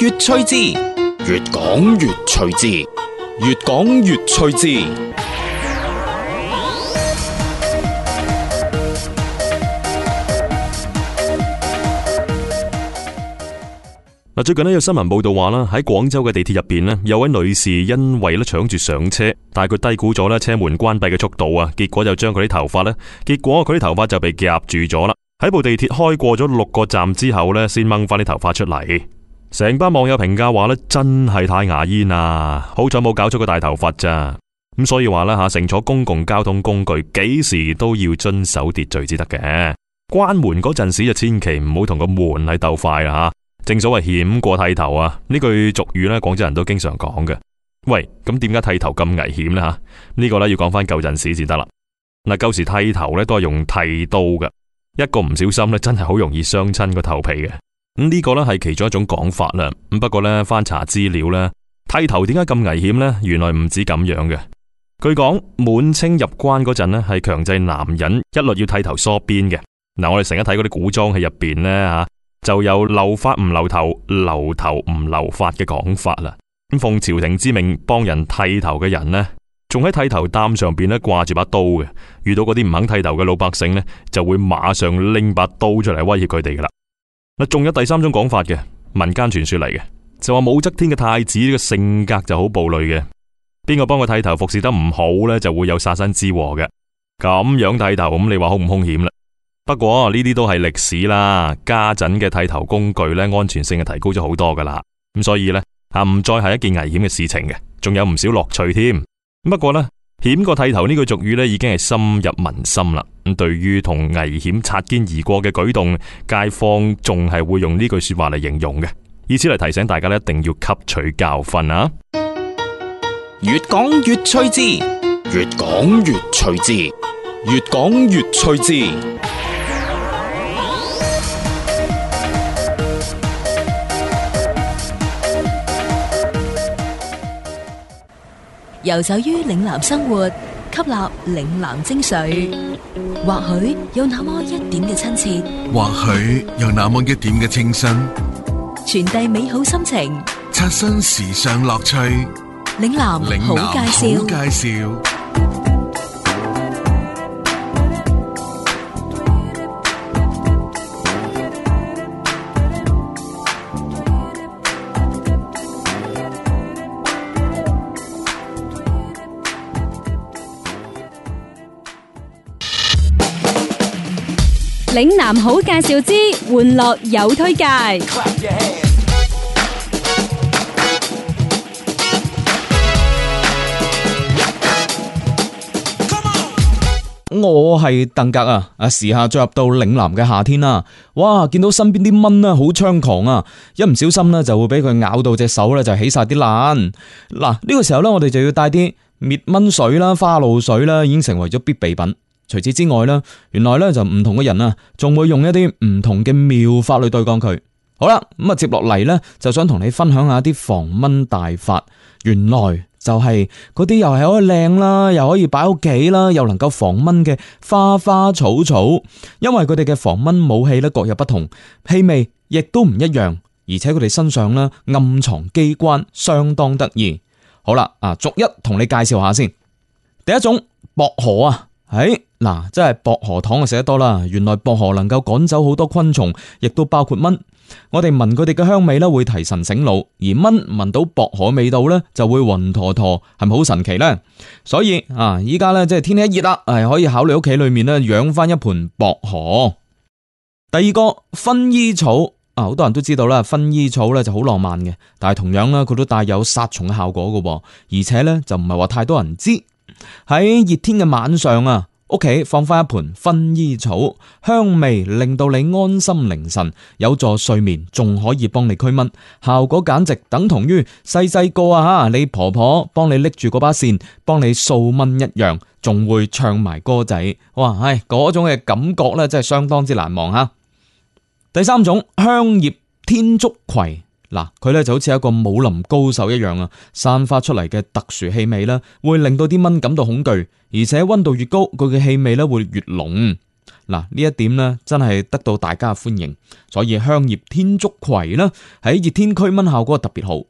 越趣致，越講越趣致，越講越趣致。嗱，最近咧有新聞報道話啦，喺廣州嘅地鐵入邊咧，有位女士因為咧搶住上車，但係佢低估咗咧車門關閉嘅速度啊，結果就將佢啲頭髮咧，結果佢啲頭髮就被夾住咗啦。喺部地鐵開過咗六個站之後咧，先掹翻啲頭髮出嚟。成班網友評價話咧，真係太牙煙啦！好彩冇搞出個大頭佛咋咁，所以話咧吓，乘坐公共交通工具幾時都要遵守秩序至得嘅。關門嗰陣時就千祈唔好同個門喺鬥快啦吓。正所謂險過剃頭啊，呢句俗語咧，廣州人都經常講嘅。喂，咁點解剃頭咁危險呢？吓、這個？呢個咧要講翻舊陣時至得啦。嗱，舊時剃頭咧都係用剃刀嘅，一個唔小心咧，真係好容易傷親個頭皮嘅。咁呢個咧係其中一種講法啦。咁不過呢，翻查資料呢，剃頭點解咁危險呢？原來唔止咁樣嘅。據講，滿清入關嗰陣呢，係強制男人一律要剃頭梳辮嘅。嗱、嗯，我哋成日睇嗰啲古裝戲入邊呢，吓就有留髮唔留頭，留頭唔留髮嘅講法啦。咁奉朝廷之命幫人剃頭嘅人呢，仲喺剃頭擔上邊咧掛住把刀嘅。遇到嗰啲唔肯剃頭嘅老百姓呢，就會馬上拎把刀出嚟威脅佢哋噶啦。嗱，仲有第三種講法嘅民間傳說嚟嘅，就話武則天嘅太子個性格就好暴戾嘅，邊個幫佢剃頭服侍得唔好呢，就會有殺身之禍嘅。咁樣剃頭咁，你話凶唔凶險啦？不過呢啲都係歷史啦，家陣嘅剃頭工具咧，安全性係提高咗好多噶啦。咁所以呢，啊，唔再係一件危險嘅事情嘅，仲有唔少樂趣添。不過呢，險過剃頭呢句俗語呢，已經係深入民心啦。咁對於同危險擦肩而過嘅舉動，街坊仲係會用呢句說話嚟形容嘅，以此嚟提醒大家一定要吸取教訓啊！越講越趣致，越講越趣致，越講越趣致。遊走於嶺南生活。吸納嶺南精髓，或許有那麼一點嘅親切，或許有那麼一點嘅清新，傳遞美好心情，刷新時尚樂趣。嶺南好介紹，好介紹。嶺南好介紹之，玩樂有推介。 我係鄧格啊，啊時下進入到嶺南嘅夏天啦，哇！見到身邊啲蚊咧好猖狂啊，一唔小心呢就會俾佢咬到隻手咧就起晒啲爛。嗱，呢個時候呢，我哋就要帶啲滅蚊水啦、花露水啦，已經成為咗必備品。除此之外呢，原來呢就唔同嘅人啊，仲會用一啲唔同嘅妙法去對抗佢。好啦，咁啊，接落嚟呢，就想同你分享下啲防蚊大法。原來就係嗰啲又係可以靚啦，又可以擺喺屋企啦，又能夠防蚊嘅花花草草。因為佢哋嘅防蚊武器呢各有不同，氣味亦都唔一樣，而且佢哋身上呢暗藏機關，相當得意。好啦，啊，逐一同你介紹下先。第一種薄荷啊。喺嗱、哎，真係薄荷糖就食得多啦。原來薄荷能夠趕走好多昆蟲，亦都包括蚊。我哋聞佢哋嘅香味咧，會提神醒腦；而蚊聞到薄荷味道咧，就會暈陀陀，係咪好神奇呢？所以啊，依家咧即係天氣一熱啦，係可以考慮屋企裏面咧養翻一盆薄荷。第二個薰衣草啊，好多人都知道啦，薰衣草咧就好浪漫嘅，但係同樣咧，佢都帶有殺蟲效果嘅，而且咧就唔係話太多人知。喺熱天嘅晚上啊，屋企放翻一盆薰衣草，香味令到你安心寧神，有助睡眠，仲可以幫你驅蚊，效果簡直等同於細細個啊！你婆婆幫你拎住嗰把扇，幫你掃蚊一樣，仲會唱埋歌仔，哇！唉，嗰種嘅感覺咧，真係相當之難忘啊！第三種香葉天竺葵。嗱，佢咧就好似一個武林高手一樣啊，散發出嚟嘅特殊氣味啦，會令到啲蚊感到恐懼，而且温度越高，佢嘅氣味咧會越濃。嗱，呢一點咧真係得到大家嘅歡迎，所以香葉天竺葵啦，喺熱天驅蚊效果特別好。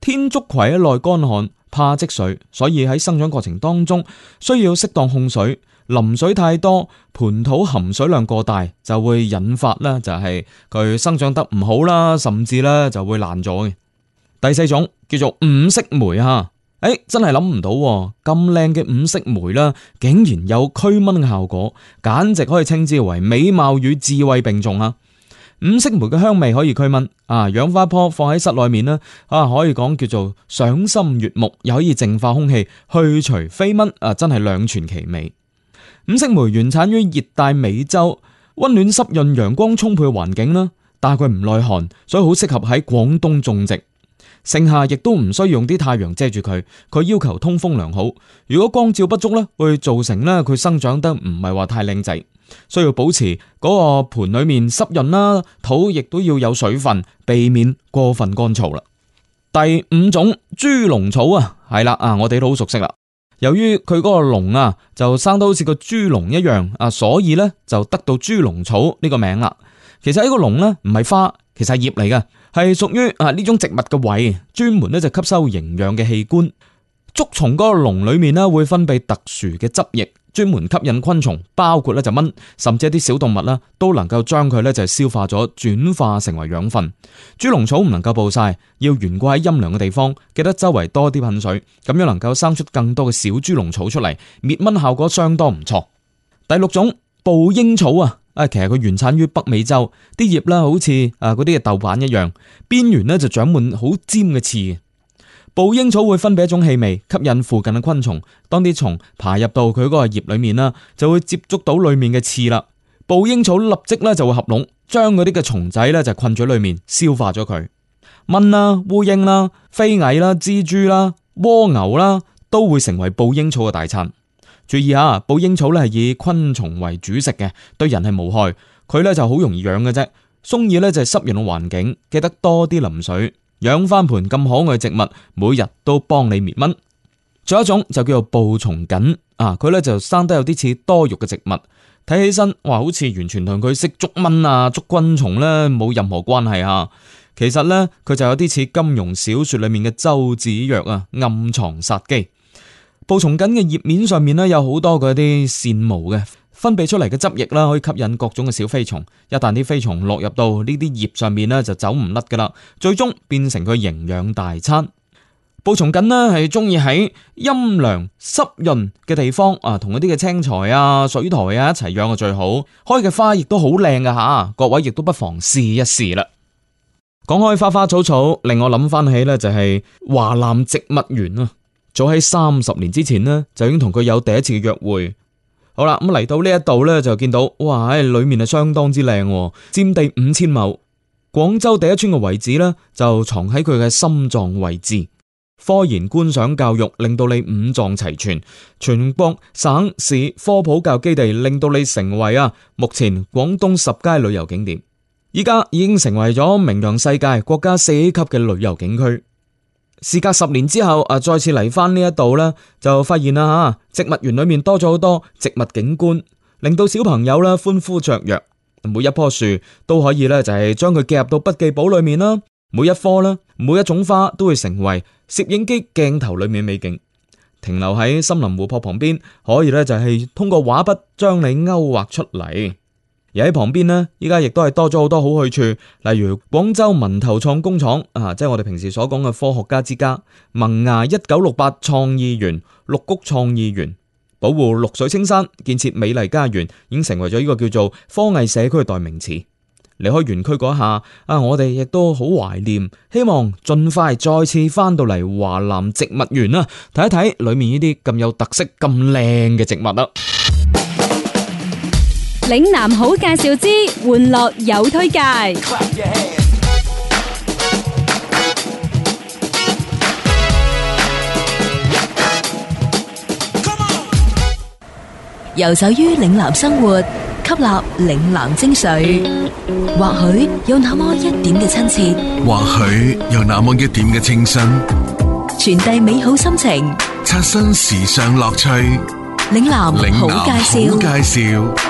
天竺葵耐乾旱，怕積水，所以喺生長過程當中需要適當控水。淋水太多，盆土含水量過大，就會引發啦，就係、是、佢生長得唔好啦，甚至啦就會爛咗嘅。第四種叫做五色梅吓，誒真係諗唔到咁靚嘅五色梅啦，竟然有驅蚊嘅效果，簡直可以稱之為美貌與智慧並重啊！五色梅嘅香味可以驅蚊啊，養花棵放喺室內面呢，啊可以講叫做賞心悅目，又可以淨化空氣，去除飛蚊啊，真係兩全其美。五色梅原產於熱帶美洲，溫暖濕潤、陽光充沛嘅環境啦，但係佢唔耐寒，所以好適合喺廣東種植。盛夏亦都唔需要用啲太陽遮住佢，佢要求通風良好。如果光照不足咧，會造成咧，佢生長得唔係話太靚仔，需要保持嗰個盆裏面濕潤啦，土亦都要有水分，避免過分乾燥啦。第五種豬籠草啊，係啦啊，我哋都好熟悉啦。由於佢嗰個籠啊，就生得好似個豬籠一樣啊，所以咧就得到豬籠草呢個名啦。其實呢個籠咧唔係花，其實係葉嚟嘅，係屬於啊呢種植物嘅胃，專門咧就吸收營養嘅器官。竹蟲嗰個籠裏面咧會分泌特殊嘅汁液。專門吸引昆蟲，包括咧就蚊，甚至一啲小動物啦，都能夠將佢咧就係消化咗，轉化成為養分。豬籠草唔能夠暴曬，要懸掛喺陰涼嘅地方，記得周圍多啲噴水，咁樣能夠生出更多嘅小豬籠草出嚟，滅蚊效果相當唔錯。第六種捕蠅草啊，啊，其實佢原產於北美洲，啲葉啦好似啊嗰啲豆瓣一樣，邊緣咧就長滿好尖嘅刺。捕蠅草會分泌一種氣味，吸引附近嘅昆蟲。當啲蟲爬入到佢嗰個葉裏面啦，就會接觸到裏面嘅刺啦。捕蠅草立即咧就會合攏，將嗰啲嘅蟲仔咧就困咗裏面，消化咗佢。蚊啦、烏蠅啦、飛蟻啦、蜘蛛啦、蝸牛啦，都會成為捕蠅草嘅大餐。注意吓，捕蠅草咧係以昆蟲為主食嘅，對人係無害。佢咧就好容易養嘅啫，中意咧就係濕潤嘅環境，記得多啲淋水。養翻盆咁可愛嘅植物，每日都幫你滅蚊。仲有一種就叫做捕蟲堇啊，佢呢就生得有啲似多肉嘅植物，睇起身哇，好似完全同佢識捉蚊啊、捉昆蟲呢、啊、冇任何關係啊。其實呢，佢就有啲似金庸小說裏面嘅周芷若啊，暗藏殺機。捕蟲堇嘅葉面上面呢，有好多嗰啲腺毛嘅。分泌出嚟嘅汁液啦，可以吸引各種嘅小飛蟲。一旦啲飛蟲落入到呢啲葉上面呢，就走唔甩噶啦。最終變成佢營養大餐。捕蟲堇呢，係中意喺陰涼濕潤嘅地方啊，同一啲嘅青苔啊、水苔啊一齊養就最好。開嘅花亦都好靚噶吓，各位亦都不妨試一試啦。講開花花草草，令我諗翻起呢，就係華南植物園啊。早喺三十年之前呢，就已經同佢有第一次嘅約會。好啦，咁、嗯、嚟到呢一度呢，就見到哇，喺裏面啊，相當之靚，佔地五千畝。廣州第一村嘅位置呢，就藏喺佢嘅心臟位置。科研、觀賞、教育，令到你五臟齊全；全國省市科普教育基地，令到你成為啊目前廣東十佳旅遊景點。依家已經成為咗名揚世界國家四級嘅旅遊景區。事隔十年之後，啊，再次嚟翻呢一度呢就發現啦吓，植物園裏面多咗好多植物景觀，令到小朋友呢歡呼雀躍。每一棵樹都可以呢，就係將佢夾入到筆記簿裏面啦。每一棵啦，每一種花都會成為攝影機鏡頭裏面嘅美景。停留喺森林湖泊旁邊，可以呢，就係通過畫筆將你勾畫出嚟。而喺旁邊呢，依家亦都係多咗好多好去處，例如廣州文投創工廠啊，即係我哋平時所講嘅科學家之家、萌芽一九六八創意園、綠谷創意園，保護綠水青山，建設美麗家園，已經成為咗呢個叫做科技社區嘅代名詞。離開園區嗰下啊，我哋亦都好懷念，希望盡快再次翻到嚟華南植物園啊，睇一睇裏面呢啲咁有特色、咁靚嘅植物啦。嶺南好介紹之，玩樂有推介。遊走於嶺南生活，吸納嶺南精髓，或許有那麼一點嘅親切，或許有那麼一點嘅清新，傳遞美好心情，刷新時尚樂趣。嶺南好介紹。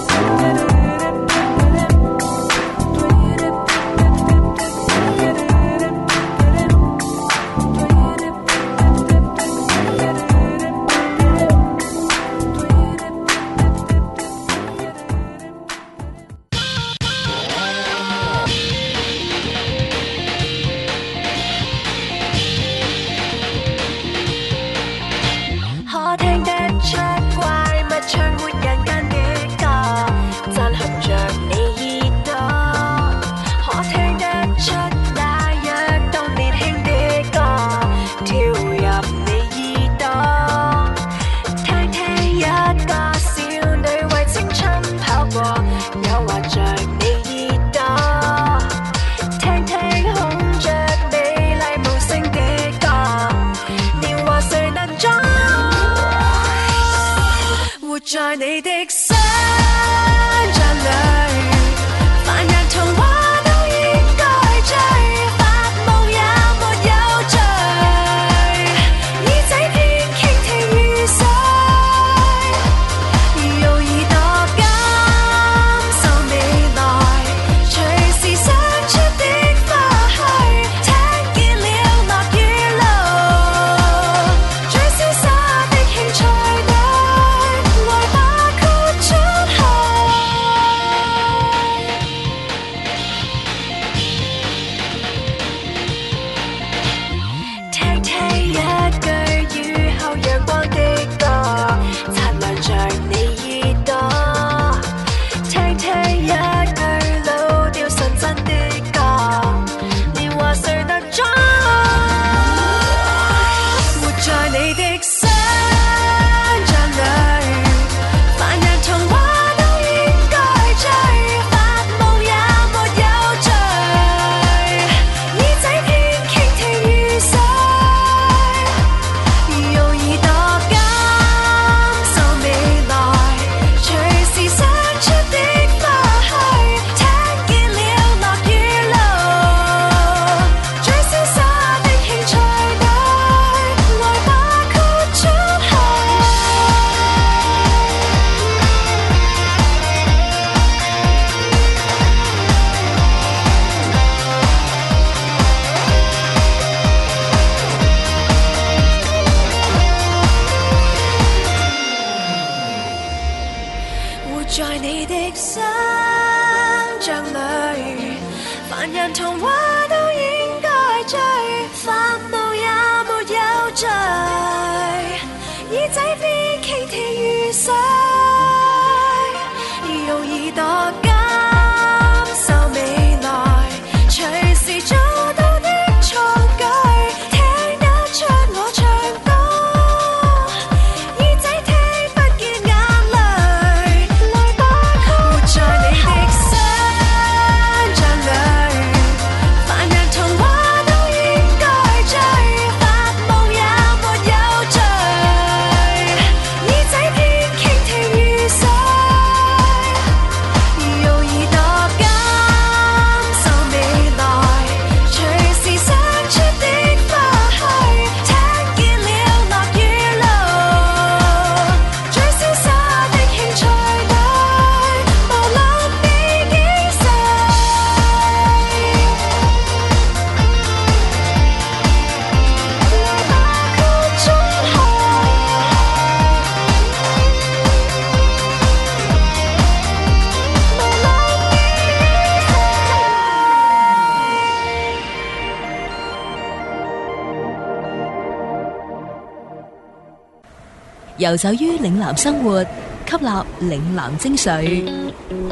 遊走於嶺南生活，吸納嶺南精髓，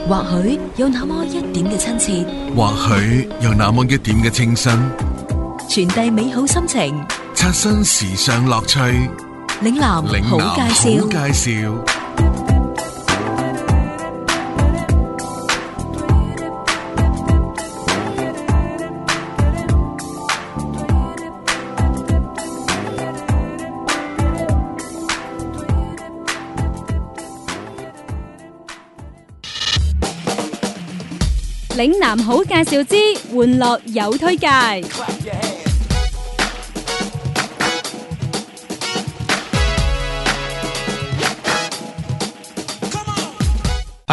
或許有那麼一點嘅親切，或許有那麼一點嘅清新，傳遞美好心情，刷新時尚樂趣。嶺南好介紹，好介紹。嶺南好介紹之，玩樂有推介。係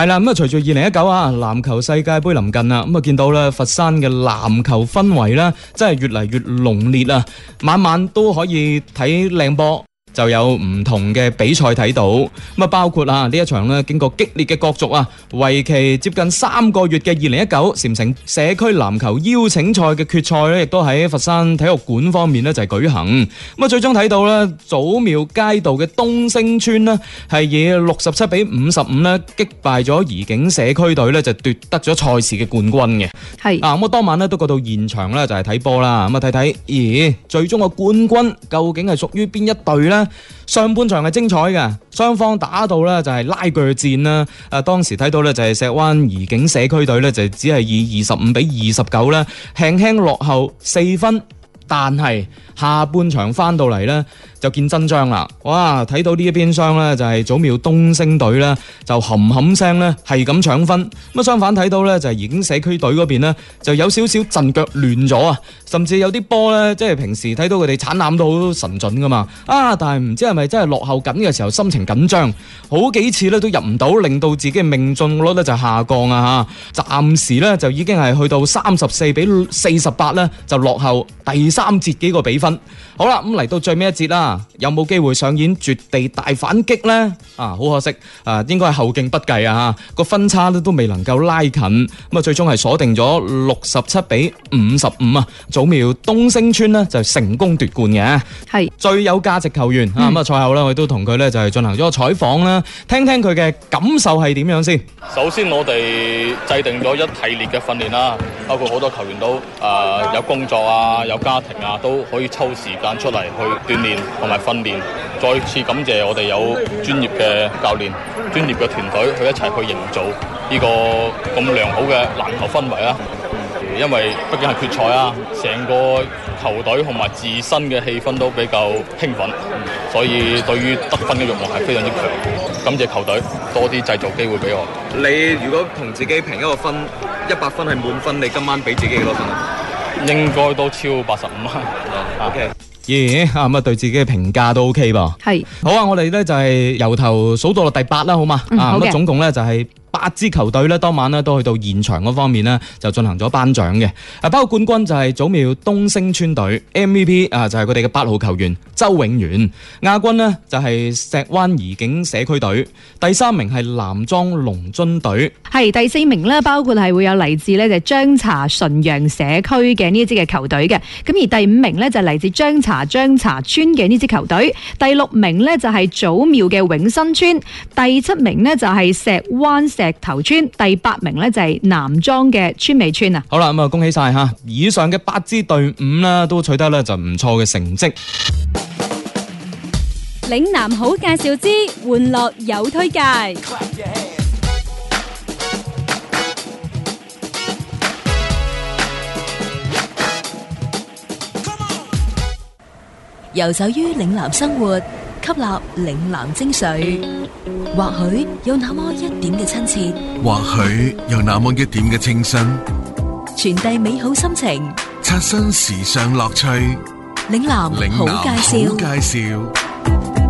啦，咁啊，隨住二零一九啊籃球世界盃臨近啦，咁啊，見到啦佛山嘅籃球氛圍啦，真係越嚟越濃烈啦！晚晚都可以睇靚波。就有唔同嘅比賽睇到，咁啊包括啊呢一場咧，經過激烈嘅角逐啊，為期接近三個月嘅二零一九禪城社區籃球邀請賽嘅決賽咧，亦都喺佛山體育館方面咧就係舉行。咁啊最終睇到咧祖廟街道嘅東升村咧係以六十七比五十五咧擊敗咗怡景社區隊咧就奪得咗賽事嘅冠軍嘅。係啊咁啊當晚咧都過到現場咧就係睇波啦，咁啊睇睇，咦最終嘅冠軍究竟係屬於邊一隊咧？上半場係精彩嘅，雙方打到呢就係拉鋸戰啦。誒，當時睇到呢就係石灣怡景社區隊呢，就只係以二十五比二十九呢輕輕落後四分，但係下半場翻到嚟呢。就見真章啦！哇，睇到呢一邊廂呢，就係、是、祖廟東升隊呢，就冚冚聲咧，係咁搶分。咁相反睇到呢，就已、是、經社區隊嗰邊咧，就有少少陣腳亂咗啊，甚至有啲波呢，即係平時睇到佢哋鏟攬都好神準㗎嘛。啊，但係唔知係咪真係落後緊嘅時候心情緊張，好幾次呢，都入唔到，令到自己嘅命中率呢就下降啊嚇。暫時呢，就已經係去到三十四比四十八呢，就落後第三節幾個比分。好啦，咁、嗯、嚟到最尾一節啦。有冇機會上演絕地大反擊咧？啊，好可惜，啊，應該係後勁不繼啊，吓個分差咧都未能夠拉近。咁啊最終係鎖定咗六十七比五十五啊，祖廟東升村咧就成功奪冠嘅，係最有價值球員啊。咁啊賽後咧我哋都同佢咧就係進行咗個採訪啦，聽聽佢嘅感受係點樣先。首先我哋制定咗一系列嘅訓練啦，包括好多球員都誒有工作啊，有家庭啊，都可以抽時間出嚟去鍛煉。同埋訓練，再次感謝我哋有專業嘅教練、專業嘅團隊去一齊去營造呢個咁良好嘅籃球氛圍啦、啊。因為畢竟係決賽啊，成個球隊同埋自身嘅氣氛都比較興奮，所以對於得分嘅欲望係非常之強。感謝球隊多啲製造機會俾我。你如果同自己評一個分，一百分係滿分，你今晚俾自己幾多分啊？應該都超八十五啊。 OK。耶，吓、嗯、對自己嘅評價都 OK 噃。是好啊，我哋咧就係由頭數到落第八啦，好嘛？啊、嗯，咁啊，總共呢就係、是。八支球隊咧，當晚咧都去到現場嗰方面咧，就進行咗頒獎嘅。啊，包括冠軍就係祖廟東升村隊，MVP 啊就係佢哋嘅八號球員周永元。亞軍咧就係、是、石灣怡景社區隊，第三名係南莊龍津隊，係第四名咧，包括係會有嚟自咧就係張槎純陽社區嘅呢支嘅球隊嘅。咁而第五名咧就係、是、嚟自張槎張槎村嘅呢支球隊，第六名咧就係、是、祖廟嘅永新村，第七名咧就係、是、石灣石。石頭村第八名呢，就係南莊嘅村尾村啊！好啦，咁啊恭喜晒吓！以上嘅八支隊伍咧都取得咧就唔錯嘅成績。嶺南好介紹之，玩樂有推介，游走於嶺南生活。吸納嶺南精髓，或許有那麼一點嘅親切，或許有那麼一點嘅清新，傳遞美好心情，刷新時尚樂趣。嶺南好介紹，好介紹。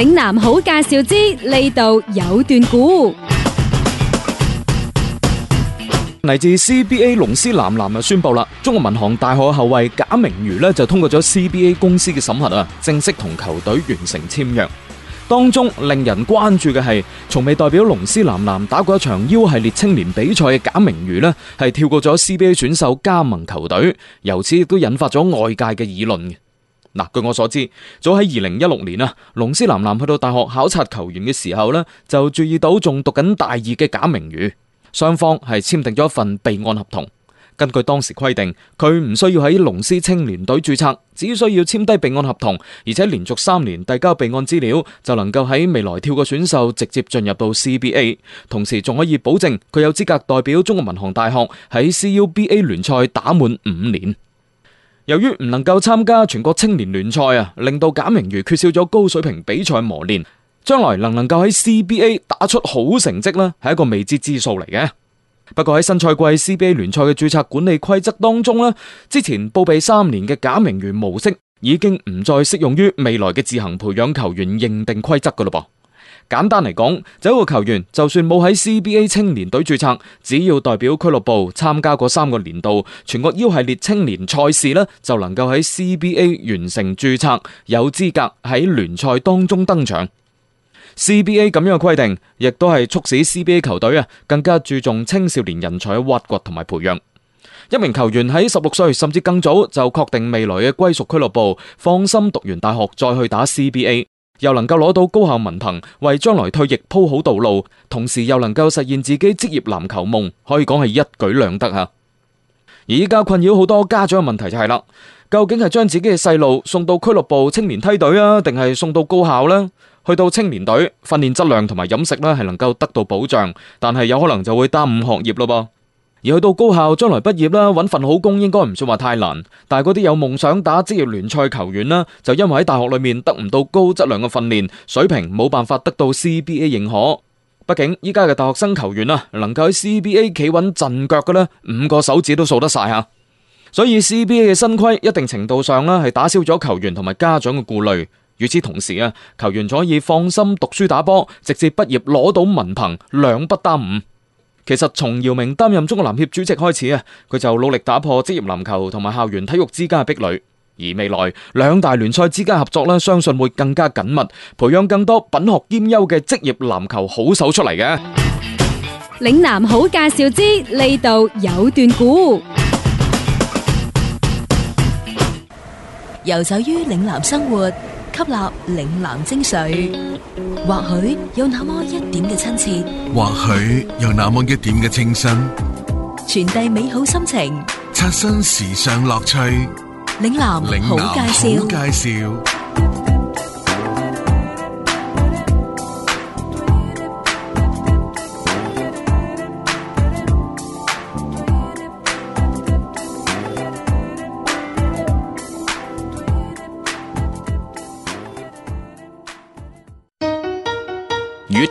嶺南好介紹之，呢度有段古。嚟自 CBA 龍獅男籃啊，宣佈啦，中國民航大學後衛賈明儒咧就通過咗 CBA 公司嘅審核啊，正式同球隊完成簽約。當中令人關注嘅係，從未代表龍獅男籃打過一場 U 系列青年比賽嘅賈明儒咧，係跳過咗 CBA 選秀加盟球隊，由此亦都引發咗外界嘅議論嘅。嗱，據我所知，早喺二零一六年啊，龍獅男籃去到大學考察球員嘅時候咧，就注意到仲讀緊大二嘅賈明宇，雙方係簽訂咗一份備案合同。根據當時規定，佢唔需要喺龍獅青年隊注冊，只需要簽低備案合同，而且連續三年遞交備案資料，就能夠喺未來跳過選秀直接進入到 CBA，同時仲可以保證佢有資格代表中國民航大學喺 CUBA 聯賽打滿五年。由於唔能夠參加全國青年聯賽啊，令到賈明儒缺少咗高水平比賽磨練，將來能唔能夠喺 CBA 打出好成績咧，係一個未知之數嚟嘅。不過喺新賽季 CBA 聯賽嘅註冊管理規則當中咧，之前報備三年嘅賈明儒模式已經唔再適用於未來嘅自行培養球員認定規則噶咯噃。簡單嚟講，就一個球員，就算冇喺 CBA 青年隊注冊，只要代表俱樂部參加過三個年度全國 U 系列青年賽事呢，就能夠喺 CBA 完成注冊，有資格喺聯賽當中登場。CBA 咁樣嘅規定，亦都係促使 CBA 球隊啊更加注重青少年人才嘅挖掘同埋培養。一名球員喺十六歲甚至更早就確定未來嘅歸屬俱樂部，放心讀完大學再去打 CBA。又能夠攞到高校文憑，為將來退役鋪好道路，同時又能夠實現自己職業籃球夢，可以講係一舉兩得啊！而依家困擾好多家長嘅問題就係啦，究竟係將自己嘅細路送到俱樂部青年梯隊啊，定係送到高校呢？去到青年隊訓練質量同埋飲食呢係能夠得到保障，但係有可能就會耽誤學業咯噃。而去到高校，將來畢業啦，揾份好工應該唔算話太難。但係嗰啲有夢想打職業聯賽球員啦，就因為喺大學裏面得唔到高質量嘅訓練，水平冇辦法得到 CBA 認可。畢竟依家嘅大學生球員啊，能夠喺 CBA 企穩陣腳嘅呢，五個手指都數得晒吓。所以 CBA 嘅新規，一定程度上呢，係打消咗球員同埋家長嘅顧慮。與此同時啊，球員可以放心讀書打波，直至畢業攞到文憑，兩不耽誤。其實從姚明擔任中國籃協主席開始啊，佢就努力打破職業籃球同埋校園體育之間嘅壁壘。而未來兩大聯賽之間合作呢，相信會更加緊密，培養更多品學兼優嘅職業籃球好手出嚟嘅。嶺南好介紹之，呢度有段古，遊走於嶺南生活。吸納嶺南精髓，或許有那麼一點嘅親切，或許有那麼一點嘅清新，傳遞美好心情，刷新時尚樂趣。嶺南好介紹。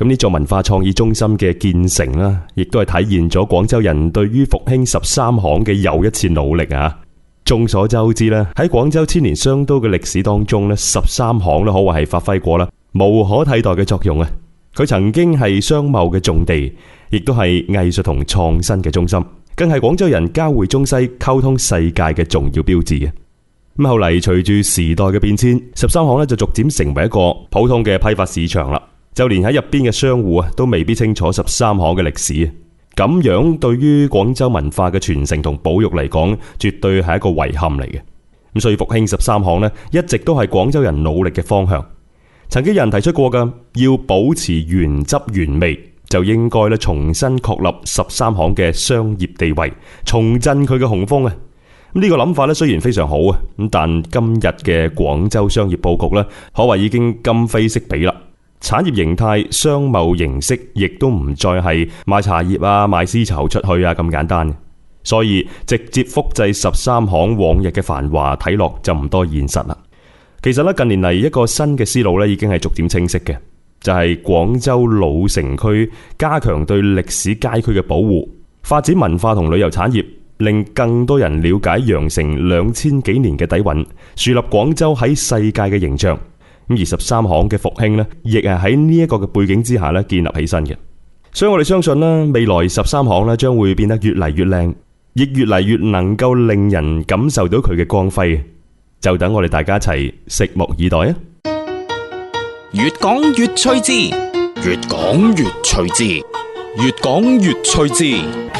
咁呢座文化創意中心嘅建成啦，亦都係體現咗廣州人對於復興十三行嘅又一次努力啊！眾所周知啦，喺廣州千年商都嘅歷史當中呢，十三行呢可謂係發揮過啦無可替代嘅作用啊！佢曾經係商貿嘅重地，亦都係藝術同創新嘅中心，更係廣州人交匯中西、溝通世界嘅重要標誌啊！咁後嚟隨住時代嘅變遷，十三行呢就逐漸成為一個普通嘅批發市場啦。就連喺入邊嘅商戶啊，都未必清楚十三行嘅歷史啊。咁樣對於廣州文化嘅傳承同保育嚟講，絕對係一個遺憾嚟嘅。所以復興十三行咧，一直都係廣州人努力嘅方向。曾經有人提出過嘅，要保持原汁原味，就應該咧重新確立十三行嘅商業地位，重振佢嘅雄風啊。咁呢個諗法咧，雖然非常好啊，咁但今日嘅廣州商業佈局咧，可謂已經今非昔比啦。產業形態、商貿形式，亦都唔再係賣茶葉啊、賣絲綢出去啊咁簡單。所以直接複製十三行往日嘅繁華，睇落就唔多現實啦。其實呢，近年嚟一個新嘅思路呢，已經係逐漸清晰嘅，就係廣州老城區加強對歷史街區嘅保護，發展文化同旅遊產業，令更多人了解羊城兩千幾年嘅底蘊，樹立廣州喺世界嘅形象。咁而十三行嘅復興咧，亦係喺呢一個嘅背景之下咧建立起身嘅。所以我哋相信咧，未來十三行咧將會變得越嚟越靚，亦越嚟越能夠令人感受到佢嘅光輝。就等我哋大家一齊拭目以待啊！越講越趣致，越講越趣致，越講越趣致。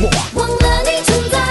忘了你存在。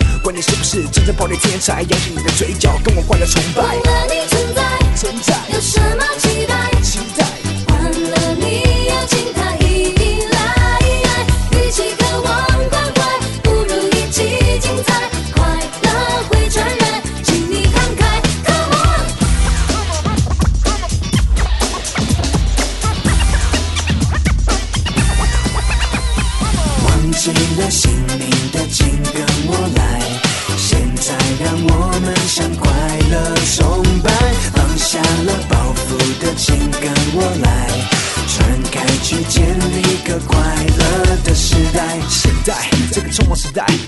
管你是不是真正 party 天才，揚起你的嘴角，跟我快樂崇拜。忘了你存在，存在，有什麼期待？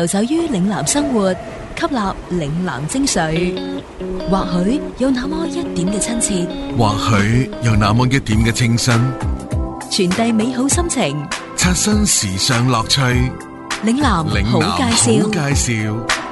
遊走於嶺南生活，吸納嶺南精髓，或許有那麼一點嘅親切，或許有那麼一點嘅清新，傳遞美好心情，刷新時尚樂趣。嶺南好介紹，嶺南好介紹。